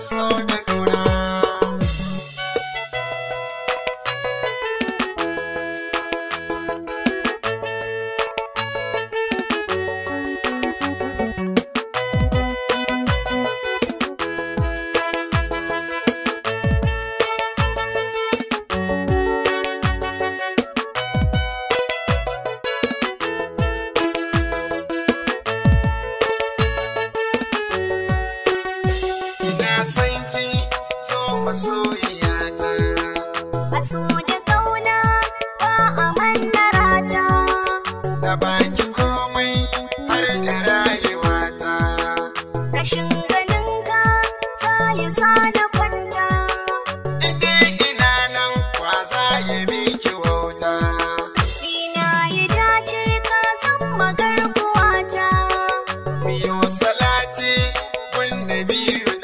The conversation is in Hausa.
slow down. na san ki so masoyiya ta baso kauna ba a manna rata na baki komai har da rayuwa ta rashin ganin ka sai sa na kwanta inda ina nan kwa ya miki wauta ina yi dace ka san magarkuwa ta miyo salati kun nabiyu